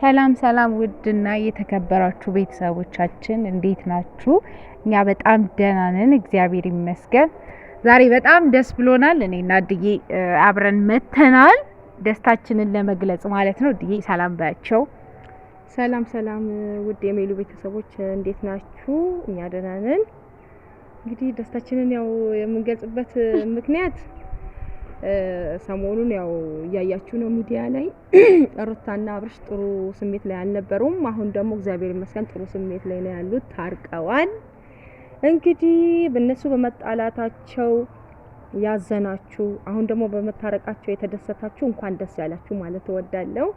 ሰላም ሰላም ውድና የተከበራችሁ ቤተሰቦቻችን እንዴት ናችሁ? እኛ በጣም ደህና ነን፣ እግዚአብሔር ይመስገን። ዛሬ በጣም ደስ ብሎናል። እኔና እድዬ አብረን መተናል፣ ደስታችንን ለመግለጽ ማለት ነው። እድዬ ሰላም ባያቸው። ሰላም ሰላም፣ ውድ የሜሉ ቤተሰቦች እንዴት ናችሁ? እኛ ደህና ነን። እንግዲህ ደስታችንን ያው የምንገልጽበት ምክንያት ሰሞኑን ያው እያያችሁ ነው ሚዲያ ላይ ሩታና አብርሽ ጥሩ ስሜት ላይ አልነበሩም። አሁን ደግሞ እግዚአብሔር ይመስገን ጥሩ ስሜት ላይ ነው ያሉት፣ ታርቀዋል። እንግዲህ በእነሱ በመጣላታቸው ያዘናችሁ፣ አሁን ደግሞ በመታረቃቸው የተደሰታችሁ እንኳን ደስ ያላችሁ ማለት እወዳለሁ።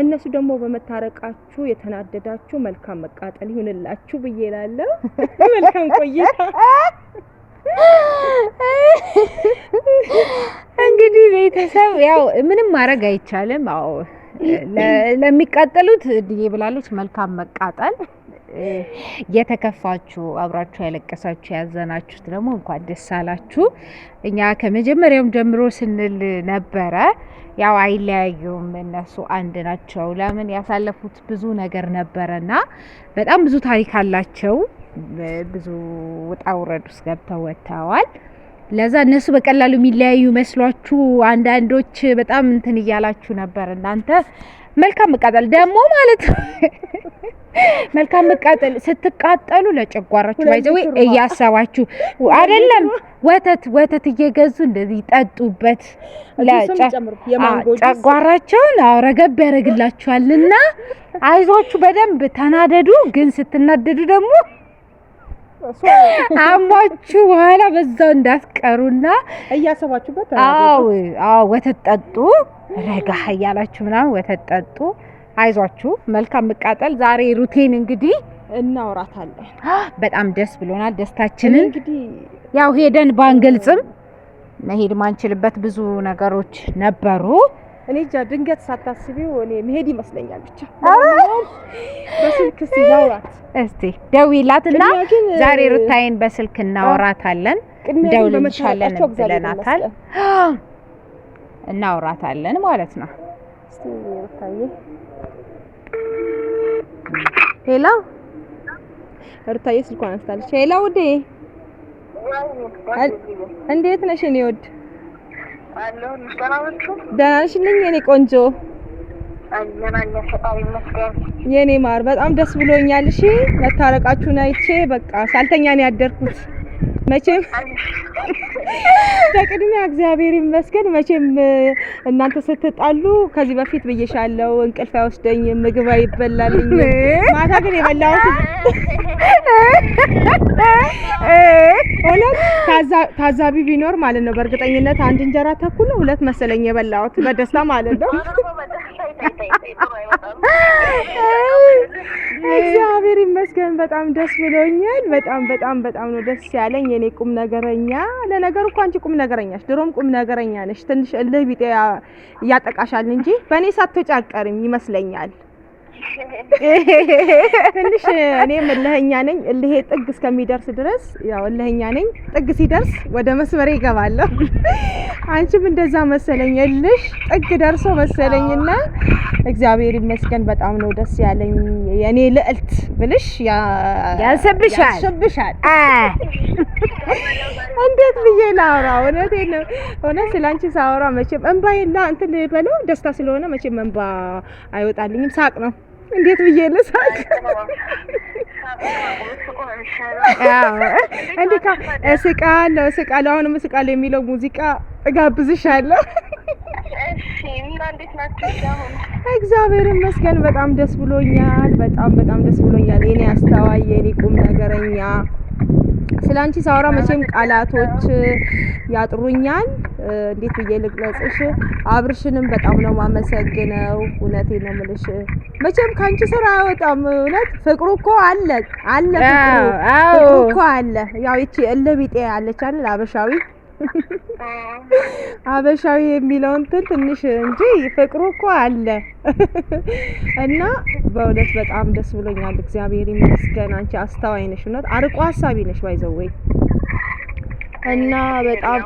እነሱ ደግሞ በመታረቃችሁ የተናደዳችሁ መልካም መቃጠል ይሁንላችሁ ብዬ እላለሁ። መልካም ቆይታ እንግዲህ ቤተሰብ ያው ምንም ማድረግ አይቻልም። አዎ ለሚቃጠሉት ድዬ ብላለች። መልካም መቃጠል። የተከፋችሁ አብራችሁ ያለቀሳችሁ ያዘናችሁት ደግሞ እንኳን ደስ አላችሁ። እኛ ከመጀመሪያውም ጀምሮ ስንል ነበረ። ያው አይለያዩም፣ እነሱ አንድ ናቸው። ለምን ያሳለፉት ብዙ ነገር ነበረና በጣም ብዙ ታሪክ አላቸው። ብዙ ውጣ ውረድ ውስጥ ገብተው ወጥተዋል። ለዛ እነሱ በቀላሉ የሚለያዩ መስሏችሁ አንዳንዶች በጣም እንትን እያላችሁ ነበር። እናንተ መልካም መቃጠል ደግሞ ማለት መልካም መቃጠል ስትቃጠሉ ለጨጓራችሁ ባይዘው እያሰባችሁ አይደለም። ወተት ወተት እየገዙ እንደዚህ ጠጡበት። ጨጓራቸውን ረገብ ያደርግላችኋልና አይዟችሁ፣ በደንብ ተናደዱ። ግን ስትናደዱ ደግሞ አሟችሁ በኋላ በዛው እንዳትቀሩና እያሰባችሁበት። አዎ አዎ፣ ወተት ጠጡ፣ ረጋ እያላችሁ ምናምን ወተት ጠጡ። አይዟችሁ፣ መልካም መቃጠል። ዛሬ ሩቴን እንግዲህ እናወራታለን። በጣም ደስ ብሎናል። ደስታችንን እንግዲህ ያው ሄደን ባንገልጽም መሄድ ማንችልበት ብዙ ነገሮች ነበሩ። እኔ እንጃ ድንገት ሳታስቢው እኔ መሄድ ይመስለኛል። ብቻ በስልክ እስኪ ላውራት እስኪ ደውዪላትና ዛሬ ሩታዬን በስልክ እናወራታለን። ደውልልሻለን ብለናታል። እናወራታለን ማለት ነው። ሄሎ ሩታዬ ስልኳን አንስታለች። ሄሎ ውዴ እንዴት ነሽ? እኔ ውድ ደህና ነሽልኝ የኔ ቆንጆ? የኔ ማር በጣም ደስ ብሎኛል። እሺ መታረቃችሁን አይቼ በቃ ሳልተኛ ነው ያደርኩት። መቼም በቅድሚያ እግዚአብሔር ይመስገን። መቼም እናንተ ስትጣሉ ከዚህ በፊት ብዬሻለሁ፣ እንቅልፍ አይወስደኝም፣ ምግብ አይበላልኝ። ማታ ግን የበላሁት እውነት ታዛቢ ቢኖር ማለት ነው በእርግጠኝነት አንድ እንጀራ ተኩል ሁለት መሰለኝ የበላሁት በደስታ ማለት ነው እግዚአብሔር ይመስገን በጣም ደስ ብሎኛል። በጣም በጣም በጣም ነው ደስ ያለኝ የኔ ቁም ነገረኛ። ለነገሩ እኮ አንቺ ቁም ነገረኛሽ፣ ድሮም ቁም ነገረኛ ነሽ። ትንሽ እልህ ቢጤ እያጠቃሻል እንጂ በእኔ ሳትወጫቀሪም ይመስለኛል። ትንሽ እኔም እልህኛ ነኝ። እልሄ ጥግ እስከሚደርስ ድረስ ያው እልህኛ ነኝ። ጥግ ሲደርስ ወደ መስመሬ ይገባለሁ። አንቺም እንደዛ መሰለኝ እልሽ ጥግ ደርሶ መሰለኝና እግዚአብሔር ይመስገን በጣም ነው ደስ ያለኝ። የኔ ልዕልት ብልሽ ያሰብሻል ያሰብሻል። እንዴት ብዬ ላውራ? እውነቴን ነው። እውነት ስለአንቺ ሳወራ መቼም እንባ የላ እንትን በለው ደስታ ስለሆነ መቼም እንባ አይወጣልኝም። ሳቅ ነው እንዴት ብዬ ልሳቅ? እስቃለሁ እስቃለሁ አሁንም እስቃለሁ የሚለው ሙዚቃ እጋብዝሻለሁ። እግዚአብሔር ይመስገን በጣም ደስ ብሎኛል። በጣም በጣም ደስ ብሎኛል። የኔ አስተዋይ የኔ ቁም ነገረኛ ስለ አንቺ ሳወራ መቼም ቃላቶች ያጥሩኛል። እንዴት ብዬ ልግለጽሽ? አብርሽንም በጣም ነው ማመሰግነው። እውነቴ ነው ምልሽ፣ መቼም ከአንቺ ስራ አይወጣም። እውነት ፍቅሩ እኮ አለ አለ፣ ፍቅሩ እኮ አለ። ያው ይቺ እልህ ቢጤ አለች አይደል አበሻዊ አበሻዊ የሚለው እንትን ትንሽ እንጂ ፍቅሩ እኮ አለ እና በእውነት በጣም ደስ ብሎኛል። እግዚአብሔር ይመስገን። አንቺ አስተዋይ ነሽ፣ እውነት አርቆ ሀሳቢ ነሽ። ባይዘወይ እና በጣም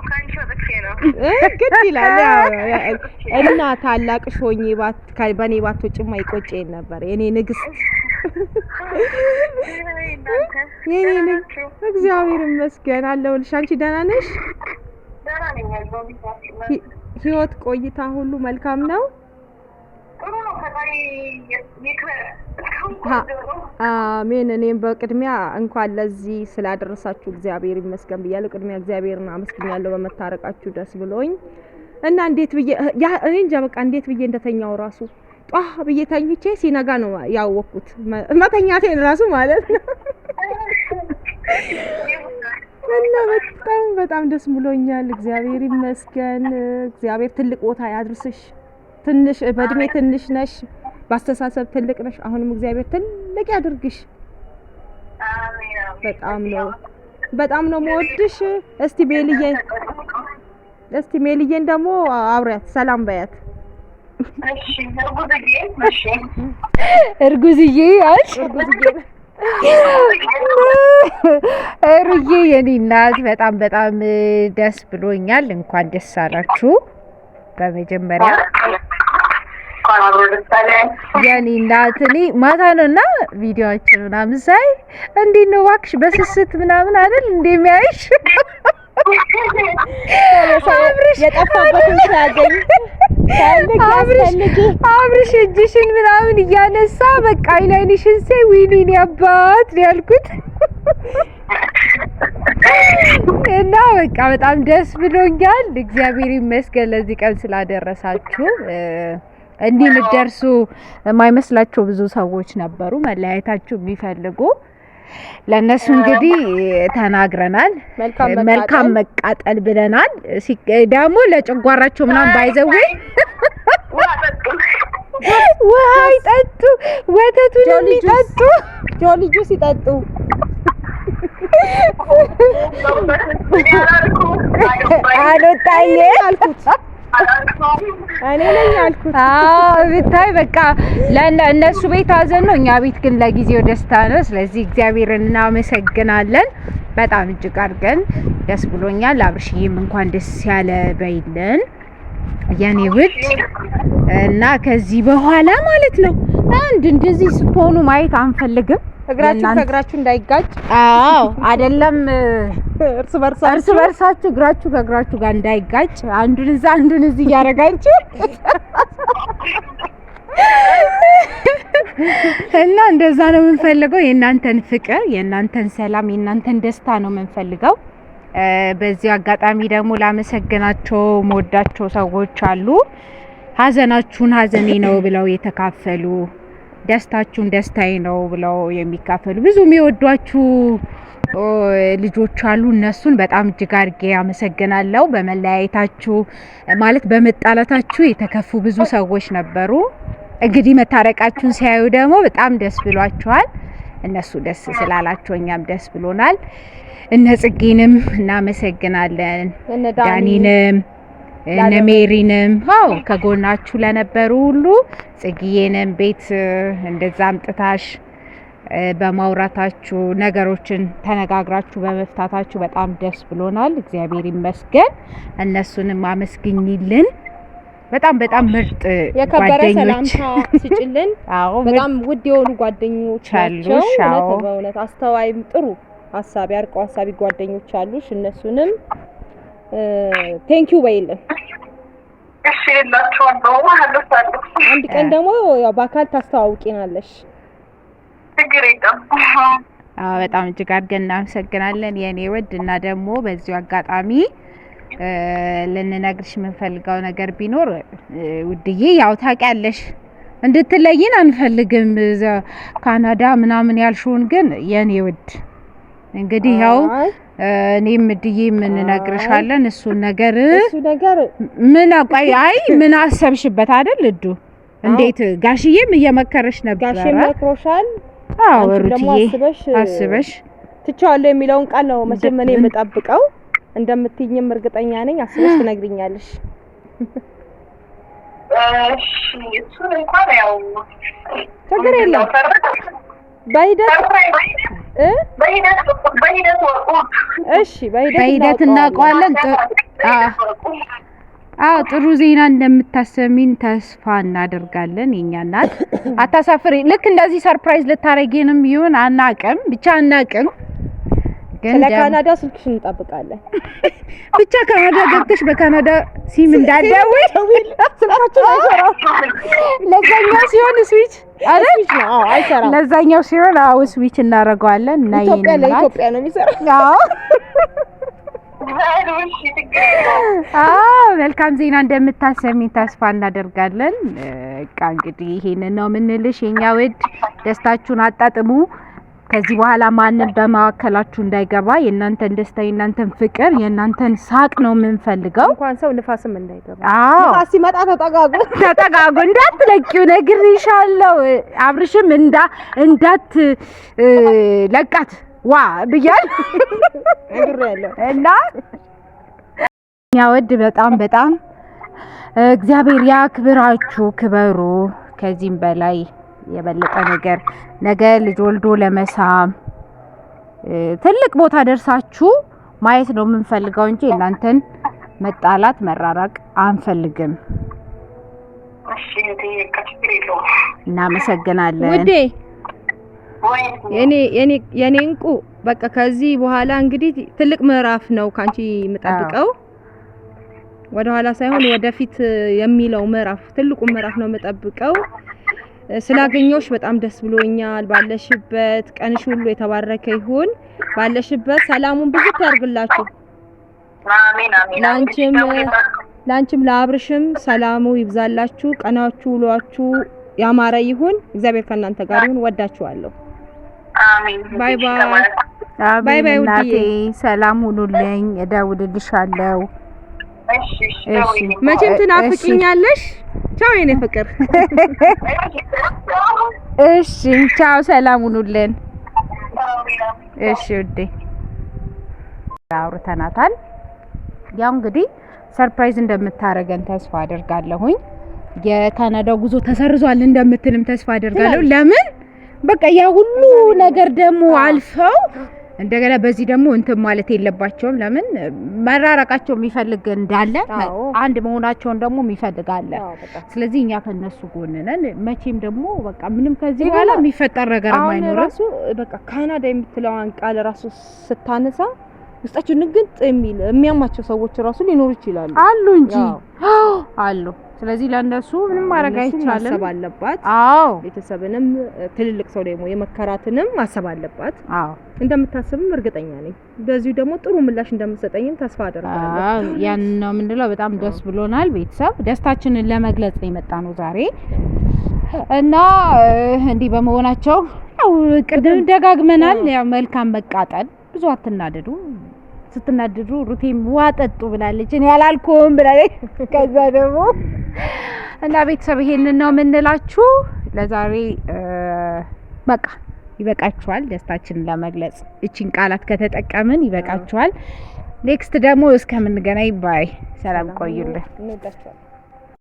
ግድ ይላል እና ታላቅሽ ሆኜ በእኔ ባትወጪማ ማይቆጭ ነበር የኔ ንግስት። የኔ እግዚአብሔር ይመስገን አለሁልሽ። አንቺ ደህና ነሽ? ህይወት ቆይታ ሁሉ መልካም ነው? አሜን። እኔም በቅድሚያ እንኳን ለዚህ ስላደረሳችሁ እግዚአብሔር ይመስገን ብያለሁ። ቅድሚያ እግዚአብሔርን አመስግኛለሁ በመታረቃችሁ ደስ ብሎኝ እና እንዴት ብዬ እኔ እንጃ በቃ እንዴት ብዬ እንደተኛው ራሱ ጧ ብዬ ተኝቼ ሲነጋ ነው ያወቅኩት መተኛቴን ራሱ ማለት ነው። እና በጣም በጣም ደስ ብሎኛል። እግዚአብሔር ይመስገን። እግዚአብሔር ትልቅ ቦታ ያድርስሽ። ትንሽ በእድሜ ትንሽ ነሽ፣ በአስተሳሰብ ትልቅ ነሽ። አሁንም እግዚአብሔር ትልቅ ያድርግሽ። በጣም ነው በጣም ነው መወድሽ። እስቲ ሜልዬን እስቲ ሜልዬን ደግሞ አብሪያት ሰላም በያት። እርጉዝዬ እርጉዝዬ እርጉዝዬ ሩዬ የኔ እናት በጣም በጣም ደስ ብሎኛል። እንኳን ደስ አላችሁ። በመጀመሪያ የኔ እናት እኔ ማታ ነው እና ቪዲዮችን ምናምን ሳይ እንዴት ነው እባክሽ በስስት ምናምን አይደል እንደሚያይሽ አብረሽ የጠፋበትን ሳያገኝ አብርሽ እጅሽን ምናምን እያነሳ በቃ አይላይንሽን ሴ ዊኒን ያባት ያልኩት እና በቃ በጣም ደስ ብሎኛል። እግዚአብሔር ይመስገን ለዚህ ቀን ስላደረሳችሁ። እንዲህ ምትደርሱ የማይመስላቸው ብዙ ሰዎች ነበሩ መለያየታችሁ የሚፈልጉ ለእነሱ እንግዲህ ተናግረናል። መልካም መቃጠል ብለናል። ደግሞ ለጨጓራቸው ምናምን ባይዘዌ ውሃ ይጠጡ፣ ወተቱን ይጠጡ፣ ጆሊ ጁስ ይጠጡ። አልወጣኝ አልኩት ብታይ በቃ እነሱ ቤት አዘን ነው፣ እኛ ቤት ግን ለጊዜው ደስታ ነው። ስለዚህ እግዚአብሔር እናመሰግናለን። በጣም እጅግ አድርገን ደስ ብሎኛል። አብርሽዬም እንኳን ደስ ያለ በይልን የኔ ውድ እና ከዚህ በኋላ ማለት ነው አንድ እንደዚህ ስትሆኑ ማየት አንፈልግም። እግራችሁ ከእግራችሁ እንዳይጋጭ። አዎ አይደለም፣ እርስ በርሳችሁ እርስ በርሳችሁ እግራችሁ ከእግራችሁ ጋር እንዳይጋጭ፣ አንዱን እዛ አንዱን እዚህ እያደረጋችሁ እና እንደዛ ነው የምንፈልገው። የእናንተን ፍቅር፣ የእናንተን ሰላም፣ የእናንተን ደስታ ነው የምንፈልገው። በዚህ አጋጣሚ ደግሞ ላመሰግናቸው መወዳቸው ሰዎች አሉ ሀዘናችሁን ሀዘኔ ነው ብለው የተካፈሉ ደስታችሁን ደስታዬ ነው ብለው የሚካፈሉ ብዙ የሚወዷችሁ ልጆች አሉ። እነሱን በጣም እጅግ አድርጌ አመሰግናለሁ። በመለያየታችሁ ማለት በመጣላታችሁ የተከፉ ብዙ ሰዎች ነበሩ። እንግዲህ መታረቃችሁን ሲያዩ ደግሞ በጣም ደስ ብሏቸዋል። እነሱ ደስ ስላላቸው እኛም ደስ ብሎናል። እነ ጽጌንም እናመሰግናለን። ዳኒንም ነሜሪንም ው ከጎናችሁ ለነበሩ ሁሉ ጽግዬንም ቤት እንደዛ አምጥታሽ በማውራታችሁ ነገሮችን ተነጋግራችሁ በመፍታታችሁ በጣም ደስ ብሎናል። እግዚአብሔር ይመስገን። እነሱንም አመስግኝልን። በጣም በጣም ምርጥ የከበረ ሰላምታ ስጭልን። በጣም ውድ የሆኑ ጓደኞች ናቸው። በእውነት አስተዋይም ጥሩ ሀሳቢ አርቀው ሀሳቢ ጓደኞች አሉሽ። እነሱንም ቴንኪዩ በይልን። እሺ አንድ ቀን ደግሞ ያው በአካል ታስተዋውቂናለሽ። ችግር በጣም እጅግ አድርገን እናመሰግናለን የእኔ ውድ እና ደግሞ በዚሁ አጋጣሚ ልንነግርሽ የምንፈልገው ነገር ቢኖር ውድዬ፣ ያው ታውቂያለሽ እንድትለይን አንፈልግም። ካናዳ ምናምን ያልሽውን ግን የእኔ ውድ እንግዲህ ያው እኔም እድዬ ምን እነግርሻለን። እሱን ነገር እሱ ነገር ምን አቋይ አይ ምን አሰብሽበት አይደል? እዱ እንዴት ጋሽዬም እየመከረሽ ነበር። ጋሽዬ መክሮሻል። አዎ ሩትዬ አስበሽ ትቼዋለሁ የሚለውን ቃል ነው መቼም እኔ የምጠብቀው። እንደምትይኝም እርግጠኛ ነኝ። አስበሽ ትነግሪኛለሽ። ችግር የለም በሂደት በሂደት እናውቀዋለን። አዎ ጥሩ ዜና እንደምታሰሚን ተስፋ እናደርጋለን። የኛ እናት አታሳፍሪ። ልክ እንደዚህ ሰርፕራይዝ ልታረጊንም ይሁን አናቅም፣ ብቻ አናቅም። ለካናዳ ስልክሽ እንጠብቃለን። ብቻ ካናዳ ገብተሽ በካናዳ ሲም እንዳትደውይ ስልካችን አይሰራም። ለዛኛው ሲሆን ስዊች ለዛኛው ሲሆን አዎ ስዊች እናደርገዋለን ኢትዮጵያ ነው የሚሰራው። መልካም ዜና እንደምታሰሚ ተስፋ እናደርጋለን። እቃ እንግዲህ ይሄንን ነው የምንልሽ የኛ ውድ፣ ደስታችሁን አጣጥሙ። ከዚህ በኋላ ማንም በመካከላችሁ እንዳይገባ፣ የእናንተን ደስታ፣ የእናንተን ፍቅር፣ የእናንተን ሳቅ ነው የምንፈልገው። እንኳን ሰው ንፋስም እንዳይገባ። አዎ ንፋስ ሲመጣ ተጠጋጉ፣ ተጠጋጉ እንዳትለቂው፣ ነግሬሻለሁ። አብርሽም እንዳ እንዳት ለቃት ዋ ብያል ነግሬያለሁ። እና እኛ ወድ በጣም በጣም እግዚአብሔር ያክብራችሁ፣ ክበሩ ከዚህም በላይ የበለጠ ነገር ነገ ልጅ ወልዶ ለመሳም ትልቅ ቦታ ደርሳችሁ ማየት ነው የምንፈልገው እንጂ እናንተን መጣላት መራራቅ አንፈልግም። እናመሰግናለን ውዴ የኔ እንቁ። በቃ ከዚህ በኋላ እንግዲህ ትልቅ ምዕራፍ ነው ከአንቺ የምጠብቀው። ወደኋላ ሳይሆን ወደፊት የሚለው ምዕራፍ ትልቁ ምዕራፍ ነው የምጠብቀው። ስላገኘሁሽ በጣም ደስ ብሎኛል። ባለሽበት ቀንሽ ሁሉ የተባረከ ይሁን። ባለሽበት ሰላሙን ብዙ ያርግላችሁ። ላንቺም ላንቺም ለአብርሽም ሰላሙ ይብዛላችሁ። ቀናችሁ ውሏችሁ ያማረ ይሁን። እግዚአብሔር ከእናንተ ጋር ይሁን። ወዳችኋለሁ። አሜን። ባይ ባይ ባይ ባይ። ሰላም ሁኑልኝ። እደውልልሻለሁ። መቼም ትናፍቂኛለሽ። ቻው የኔ ፍቅር። እሺ ቻው፣ ሰላም ሁኑልን። እሺ ውዴ፣ አውርተናታል። ያው እንግዲህ ሰርፕራይዝ እንደምታረገን ተስፋ አደርጋለሁኝ። የካናዳ ጉዞ ተሰርዟል እንደምትልም ተስፋ አደርጋለሁ። ለምን በቃ ያ ሁሉ ነገር ደግሞ አልፈው እንደገና በዚህ ደግሞ እንትን ማለት የለባቸውም። ለምን መራራቃቸው የሚፈልግ እንዳለ አንድ መሆናቸውን ደግሞ የሚፈልጋለ። ስለዚህ እኛ ከነሱ ጎን ነን። መቼም ደግሞ በቃ ምንም ከዚህ በኋላ የሚፈጠር ነገር ማይኖር ራሱ በቃ ካናዳ የምትለዋን ቃል ራሱ ስታነሳ ውስጣቸው ንግጥ የሚል የሚያማቸው ሰዎች ራሱ ሊኖሩ ይችላሉ አሉ እንጂ አሉ ስለዚህ ለእነሱ ምንም ማድረግ አይቻልም፣ ማሰብ አለባት። አዎ ቤተሰብንም ትልልቅ ሰው ደግሞ የመከራትንም ማሰብ አለባት። አዎ እንደምታስብም እርግጠኛ ነኝ። በዚሁ ደግሞ ጥሩ ምላሽ እንደምትሰጠኝም ተስፋ አደርጋለሁ። ያን ነው የምንለው። በጣም ደስ ብሎናል። ቤተሰብ ደስታችንን ለመግለጽ ነው የመጣ ነው ዛሬ እና እንዲህ በመሆናቸው ያው ቅድም ደጋግመናል። ያው መልካም መቃጠል ብዙ አትናደዱ ስትናደዱ ሩቴም ዋጠጡ ብላለች። እኔ አላልኩም ብላለች። ከዛ ደግሞ እና ቤተሰብ ይሄንን ነው የምንላችሁ። ለዛሬ በቃ ይበቃችኋል። ደስታችንን ለመግለጽ እቺን ቃላት ከተጠቀምን ይበቃችኋል። ኔክስት ደግሞ እስከምንገናኝ ባይ፣ ሰላም ቆዩልን።